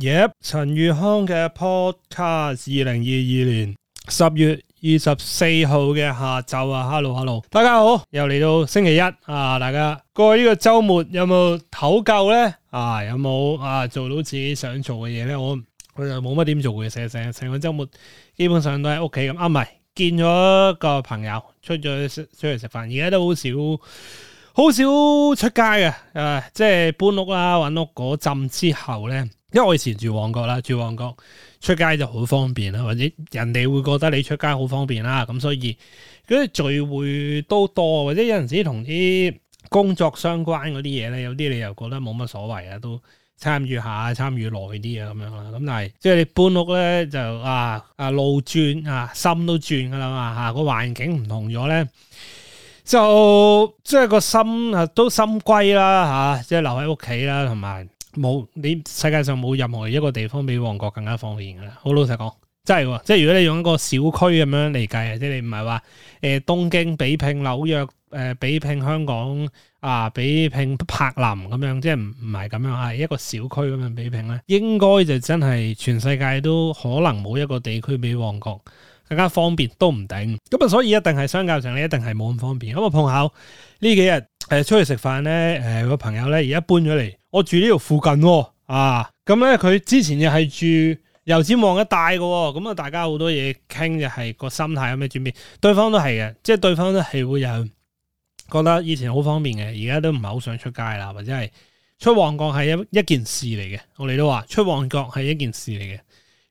yep, 陳宇康嘅 podcast，二零二二年十月二十四號嘅下晝啊，hello hello，大家好，又嚟到星期一啊，大家過呢個周末有冇唞夠呢？啊，有冇啊，做到自己想做嘅嘢呢？我我就冇乜點做嘅，成成成個周末基本上都喺屋企咁啊，唔係見咗個朋友出咗出嚟食飯，而家都好少，好少出街嘅，誒、啊，即係搬屋啦，搵屋嗰陣之後呢。因為我以前住旺角啦，住旺角出街就好方便啦，或者人哋會覺得你出街好方便啦，咁所以嗰啲聚會都多，或者有陣時同啲工作相關嗰啲嘢咧，有啲你又覺得冇乜所謂啊，都參與下、參與耐啲啊咁樣啦。咁但係即係你搬屋咧，就啊啊路轉啊心都轉噶啦嘛，吓個環境唔同咗咧，就即係個心啊都心歸啦吓，即係留喺屋企啦，同埋。冇，你世界上冇任何一個地方比旺角更加方便噶啦。好老實講，真係喎，即係如果你用一個小區咁樣嚟計，即係你唔係話誒東京比拼紐約，誒、呃、比拼香港啊，比拼柏林咁樣，即係唔唔係咁樣，係一個小區咁樣比拼咧，應該就真係全世界都可能冇一個地區比旺角更加方便都唔定，咁、嗯、啊，所以一定係相較上咧，一定係冇咁方便。咁、嗯、啊，碰巧呢幾日誒出去食飯咧，誒個朋友咧而家搬咗嚟，我住呢度附近喎、哦、啊，咁咧佢之前又係住油尖旺一帶嘅，咁啊，大家好多嘢傾就係、是、個心態有咩轉變，嗯、對方都係嘅，即、就、係、是、對方都係會有覺得以前好方便嘅，而家都唔係好想出街啦，或者係出旺角係一一件事嚟嘅，我哋都話出旺角係一件事嚟嘅。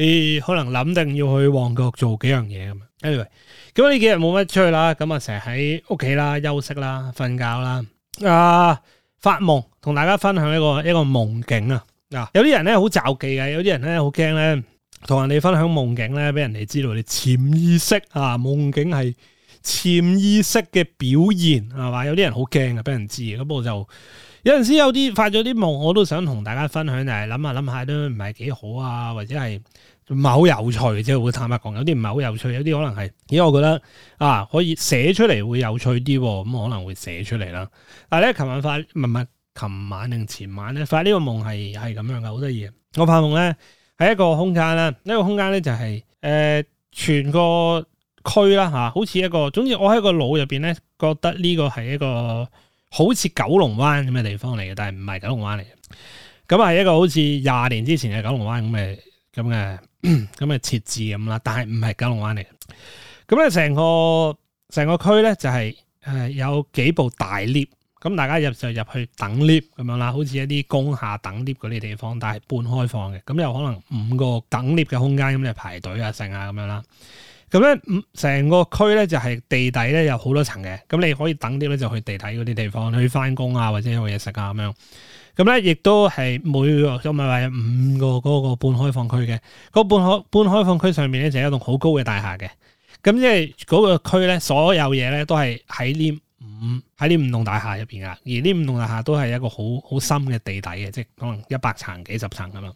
你可能諗定要去旺角做幾樣嘢咁啊？anyway，咁呢幾日冇乜出去啦，咁啊成日喺屋企啦、休息啦、瞓覺啦啊，發夢同大家分享一個一個夢境啊！嗱，有啲人咧好找忌嘅，有啲人咧好驚咧同人哋分享夢境咧俾人哋知道你潛意識啊，夢境係潛意識嘅表現係嘛？有啲人好驚嘅，俾人知，咁我就。有陣時有啲發咗啲夢，我都想同大家分享，就係諗下諗下都唔係幾好啊，或者係唔係好有趣，即係會坦白講，有啲唔係好有趣，有啲可能係，咦，我覺得啊，可以寫出嚟會有趣啲，咁、嗯、可能會寫出嚟啦。但係咧，琴晚發唔係琴晚定前晚咧，發呢個夢係係咁樣嘅，好多嘢。我發夢咧係一個空間啦。呢個空間咧就係、是、誒、呃、全個區啦吓，好似一個，總之我喺個腦入邊咧覺得呢個係一個。好似九龍灣咁嘅地方嚟嘅，但係唔係九龍灣嚟嘅。咁、嗯、啊，係一個好似廿年之前嘅九龍灣咁嘅、咁嘅、咁嘅設置咁啦。但係唔係九龍灣嚟嘅。咁、嗯、咧，成個成個區咧就係、是、誒、呃、有幾部大 lift，咁大家入就入去等 lift 咁樣啦，好似一啲工廈等 lift 嗰啲地方，但係半開放嘅。咁有可能五個等 lift 嘅空間咁就排隊啊、剩啊咁樣啦。咁咧，成個區咧就係地底咧有好多層嘅，咁你可以等啲咧就去地底嗰啲地方去翻工啊，或者有嘢食啊咁樣。咁咧亦都係每個，唔係話有五個嗰個半開放區嘅。嗰半開半開放區上面咧就有一棟好高嘅大廈嘅。咁即係嗰個區咧，所有嘢咧都係喺呢五喺呢五棟大廈入邊啊。而呢五棟大廈都係一個好好深嘅地底嘅，即係可能一百層幾十層咁樣。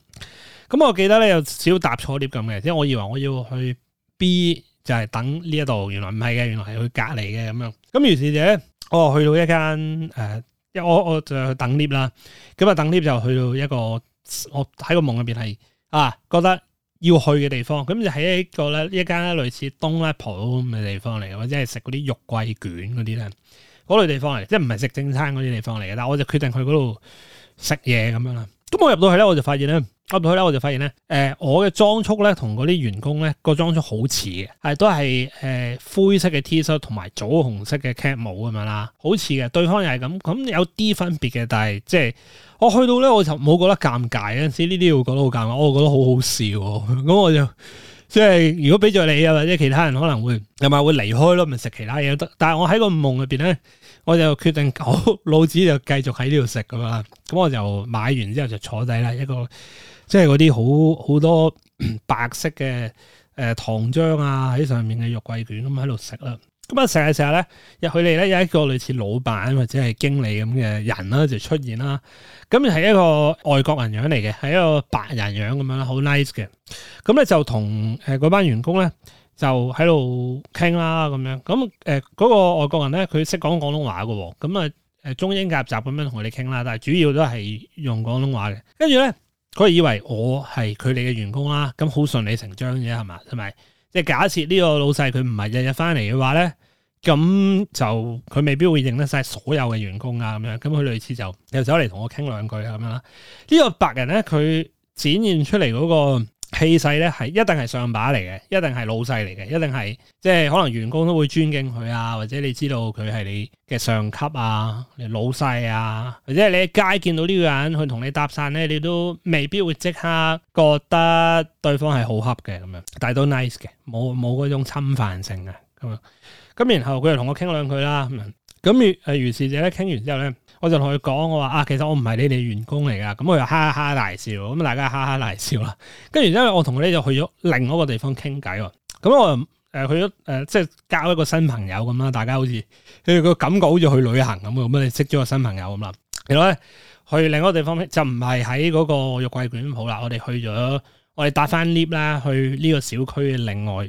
咁我記得咧有少搭錯啲咁嘅，即係我以為我要去。B 就係等呢一度，原來唔係嘅，原來係佢隔離嘅咁樣。咁於是咧，我就去到一間誒、呃，我我就去等 lift 啦。咁啊，等 lift 就去到一個我喺個夢入邊係啊，覺得要去嘅地方。咁就喺一個咧，一間類似東立鋪咁嘅地方嚟，或者係食嗰啲肉桂卷嗰啲咧，嗰類地方嚟，即係唔係食正餐嗰啲地方嚟嘅。但係我就決定去嗰度食嘢咁樣啦。咁我入到去咧，我就發現咧，入到去咧，我就發現咧，誒，我嘅裝束咧同嗰啲員工咧個裝束好似嘅，係都係誒灰色嘅 T 恤同埋酒紅色嘅 cap 帽咁樣啦，好似嘅，對方又係咁，咁有啲分別嘅，但係即係我去到咧，我就冇覺得尷尬，有陣時呢啲會覺得好尷尬，我覺得好好笑，咁我就即係如果俾著你啊，或者其他人可能會係咪會離開咯，咪食其他嘢都得，但係我喺個夢裏邊咧。我就決定，我老子就繼續喺呢度食咁啦。咁我就買完之後就坐低啦，一個即係嗰啲好好多白色嘅誒糖漿啊，喺上面嘅肉桂卷咁喺度食啦。咁啊，成日成日咧，入佢哋咧有一個類似老闆或者係經理咁嘅人啦，就出現啦。咁係一個外國人樣嚟嘅，係一個白人樣咁樣啦，好 nice 嘅。咁咧就同誒嗰班員工咧。就喺度傾啦咁樣，咁誒嗰個外國人咧，佢識講廣東話嘅喎，咁啊誒中英夾雜咁樣同我哋傾啦，但係主要都係用廣東話嘅。跟住咧，佢以為我係佢哋嘅員工啦，咁好順理成章啫，係嘛？係咪？即係假設呢個老細佢唔係日日翻嚟嘅話咧，咁就佢未必會認得晒所有嘅員工啊咁樣，咁佢類似就又走嚟同我傾兩句咁樣啦。呢個白人咧，佢展現出嚟嗰個氣勢咧係一定係上把嚟嘅，一定係老細嚟嘅，一定係即係可能員工都會尊敬佢啊，或者你知道佢係你嘅上級啊，你老細啊，或者係你喺街見到呢個人去同你搭訕咧，你都未必會即刻覺得對方係好恰嘅咁樣，但係都 nice 嘅，冇冇嗰種侵犯性啊咁樣，咁然後佢又同我傾兩句啦咁樣。咁如誒於是姐咧傾完之後咧，我就同佢講，我話啊，其實我唔係你哋員工嚟噶，咁、嗯、佢就哈哈大笑，咁大家哈哈大笑啦。跟住之後我同佢咧就去咗另一個地方傾偈喎，咁、嗯、我誒去咗誒、呃、即係交一個新朋友咁啦，大家好似佢個感覺好似去旅行咁啊，咁、嗯、你識咗個新朋友咁啦。其後咧去另一個地方就唔係喺嗰個玉桂卷店舖啦，我哋去咗，我哋搭翻 lift 啦，去呢個小區嘅另外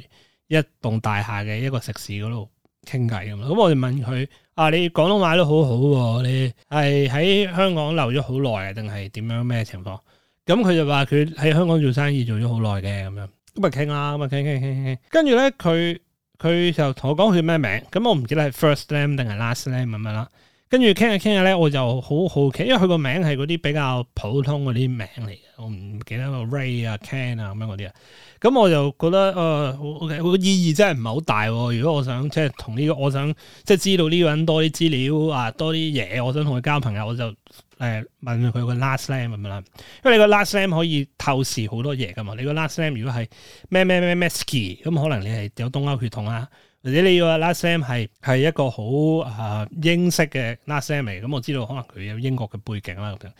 一棟大廈嘅一個食肆嗰度傾偈啊嘛，咁、嗯嗯、我哋問佢。啊！你廣東話都好好、啊、喎，你係喺香港留咗好耐啊，定係點樣咩情況？咁佢就話佢喺香港做生意做咗好耐嘅咁樣，咁咪傾啦，咁咪傾傾傾傾傾。跟住咧，佢佢就同我講佢咩名，咁我唔知咧係 first name 定係 last name 乜乜啦。跟住傾下傾下咧，我就好好奇，因為佢個名係嗰啲比較普通嗰啲名嚟嘅，我唔記得個 Ray 啊、Ken 啊咁樣嗰啲啊。咁我就覺得誒、呃，OK，佢個意義真係唔係好大。如果我想即係同呢個，我想即係知道呢個人多啲資料啊，多啲嘢，我想同佢交朋友，我就誒、哎，問佢個 last name 咁樣啦。因為你個 last name 可以透視好多嘢㗎嘛。你個 last name 如果係咩咩咩 m 咩 ski，咁可能你係有東歐血統啊。或者你要話 Lassam 係係一個好啊、呃、英式嘅 Lassam 嚟，咁、嗯、我知道可能佢有英國嘅背景啦咁樣。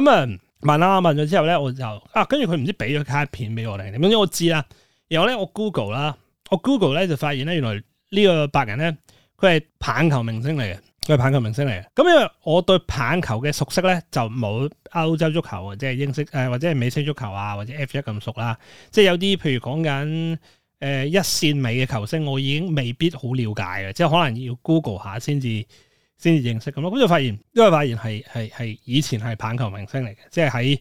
咁、嗯、啊問啦問咗之後咧，我就啊跟住佢唔知俾咗卡片俾我哋。點，因為我知啦。然後咧我 Google 啦，我 Google 咧就發現咧原來呢個白人咧佢係棒球明星嚟嘅，佢係棒球明星嚟嘅。咁、嗯、因為我對棒球嘅熟悉咧就冇歐洲足球即英式、呃、或者英式誒或者係美式足球啊或者 F 一咁熟啦，即係有啲譬如講緊。誒、呃、一線美嘅球星，我已經未必好了解嘅，即係可能要 Google 下先至先至認識咁咯。咁就發現，因為發現係係係以前係棒球明星嚟嘅，即係喺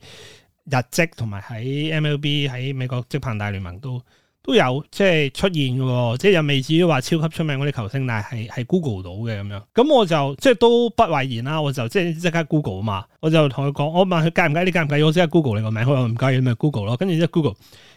日職同埋喺 MLB 喺美國職棒大聯盟都。都有即係出現嘅，即係又未至於話超級出名嗰啲球星，但係係係 Google 到嘅咁樣。咁我就即係都不諱言啦，我就即係即刻 Google 啊嘛，我就同佢講，我問佢介唔介意，介唔介意，我即刻 Google 你個名。佢話唔介意，咪 Google 咯。跟住即 Google，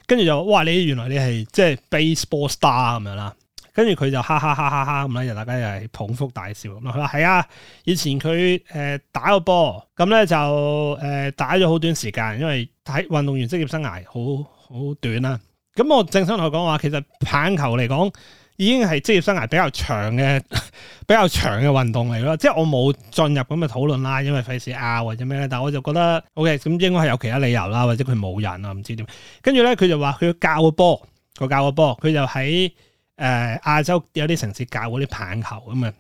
跟住就哇你原來你係即係 baseball star 咁樣啦，跟住佢就哈哈哈哈哈咁啦，就大家又係捧腹大笑咁咯。佢話係啊，以前佢誒、呃、打個波，咁咧就誒、呃、打咗好短時間，因為喺運動員職業生涯好好短啦、啊。咁、嗯、我正想同佢講話，其實棒球嚟講已經係職業生涯比較長嘅比較長嘅運動嚟咯。即係我冇進入咁嘅討論啦，因為費事拗或者咩咧。但我就覺得 OK，咁應該係有其他理由啦，或者佢冇人啊，唔知點。跟住咧，佢就話佢教個波，佢教個波，佢就喺誒亞洲有啲城市教嗰啲棒球咁啊。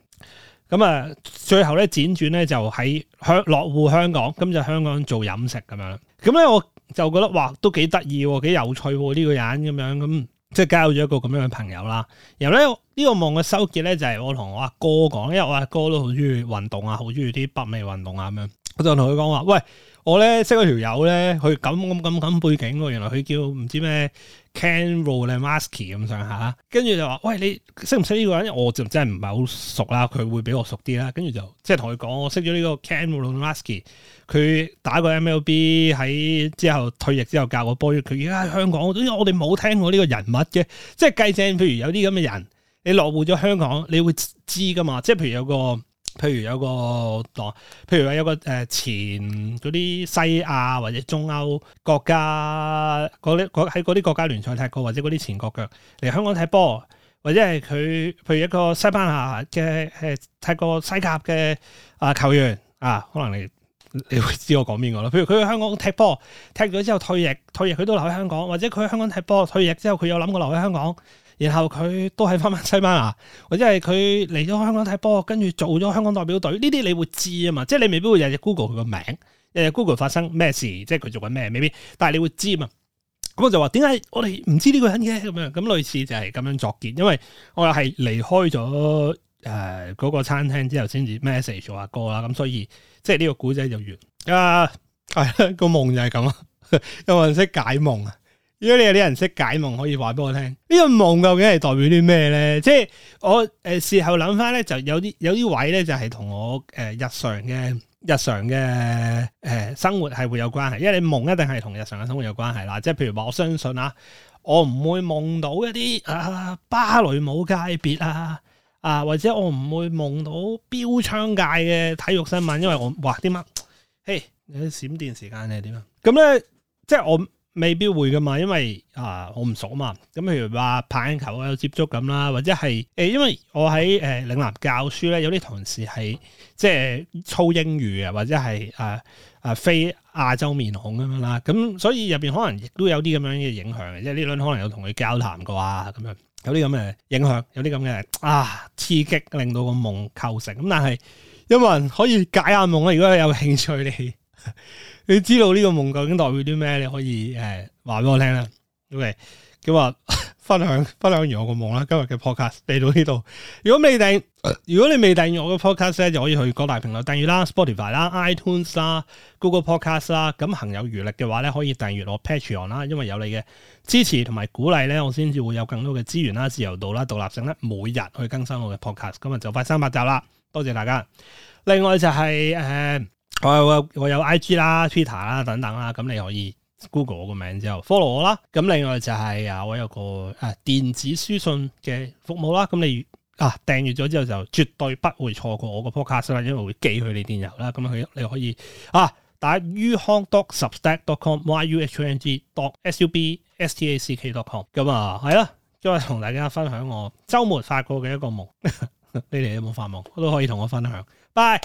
咁啊，最後咧輾轉咧就喺香落戶香港，咁就香港做飲食咁樣。咁咧我。就覺得哇，都幾得意，幾有趣呢，這個人咁樣，咁即係交咗一個咁樣嘅朋友啦。然後咧呢，這個夢嘅收結咧，就係、是、我同我阿哥講，因為我阿哥，哥都好中意運動啊，好中意啲北美運動啊咁樣。我就同佢講話，喂，我咧識咗條友咧，佢咁咁咁咁背景喎，原來佢叫唔知咩 Canro 咧 Maskey 咁上下，跟住就話，喂，你識唔識呢個人？我就真係唔係好熟啦，佢會比我熟啲啦。跟住就即係同佢講，我識咗呢個 Canro Maskey 佢打過 MLB，喺之後退役之後教過波。佢而家喺香港，我哋冇聽過呢個人物嘅，即係計正，譬如有啲咁嘅人，你落戶咗香港，你會知噶嘛？即係譬如有個。譬如有個，譬如話有個誒前嗰啲西亞或者中歐國家啲，喺嗰啲國家聯賽踢過或踢，或者嗰啲前國腳嚟香港踢波，或者係佢譬如一個西班牙嘅誒踢過西甲嘅啊球員啊，可能你你會知我講邊個咯？譬如佢去香港踢波，踢咗之後退役，退役佢都留喺香港，或者佢去香港踢波退役之後，佢有諗過留喺香港。然後佢都喺翻翻西班牙，或者係佢嚟咗香港睇波，跟住做咗香港代表隊，呢啲你會知啊嘛，即係你未必會日日 Google 佢個名，誒 Google 發生咩事，即係佢做緊咩，未必，但係你會知啊嘛。咁我就話點解我哋唔知呢個人嘅咁樣，咁類似就係咁樣作結，因為我又係離開咗誒嗰個餐廳之後先至 message 咗阿哥啦，咁所以即係呢個古仔就完。啊，係、哎這個夢就係咁啊，有冇人識解夢啊？如果你有啲人識解夢，可以話俾我聽，呢、這個夢究竟係代表啲咩咧？即係我誒、呃、事後諗翻咧，就有啲有啲位咧，就係同我誒日常嘅日常嘅誒、呃、生活係會有關係。因為你夢一定係同日常嘅生活有關係啦。即係譬如話，我相信啊，我唔會夢到一啲啊芭蕾舞界別啊啊，或者我唔會夢到標槍界嘅體育新聞，因為我話點啊？嘿，閃、hey，電時間你係點啊？咁咧，即係我。未必會噶嘛，因為啊，我唔熟啊嘛。咁譬如話排球有接觸咁啦，或者係誒、欸，因為我喺誒嶺南教書咧，有啲同事係即係操英語啊，或者係啊啊非亞洲面孔咁樣啦。咁、嗯、所以入邊可能亦都有啲咁樣嘅影響嘅，即係呢輪可能有同佢交談過呀，咁樣有啲咁嘅影響，有啲咁嘅啊刺激，令到個夢構成。咁但係有冇人可以解下夢呀？如果你有興趣你。 你知道呢個夢究竟代表啲咩？你可以誒話俾我聽啦。OK，佢話分享，分享完我個夢啦。今日嘅 podcast 嚟到呢度。如果你訂，如果你未訂閱我嘅 podcast 咧，就可以去各大平台訂閱啦，Spotify 啦，iTunes 啦，Google Podcast 啦。咁行有餘力嘅話咧，可以訂閱我 Patreon 啦，因為有你嘅支持同埋鼓勵咧，我先至會有更多嘅資源啦、自由度啦、獨立性咧，每日去更新我嘅 podcast。今日就快三百集啦，多謝大家。另外就係、是、誒。呃我有 IG 啦、Twitter 啦等等啦，咁你可以 Google 我個名之後 follow 我啦。咁另外就係啊，我有個誒電子書信嘅服務啦，咁你啊訂閱咗之後就絕對不會錯過我個 podcast 啦，因為會寄去你電郵啦。咁啊，你可以啊打 yuhng.substack.com y u h n g dot s u b s t a c k dot com 咁啊，係啦，今日同、uh 嗯啊、大家分享我週末發過嘅一個夢， 你哋有冇發夢？都可以同我分享。拜。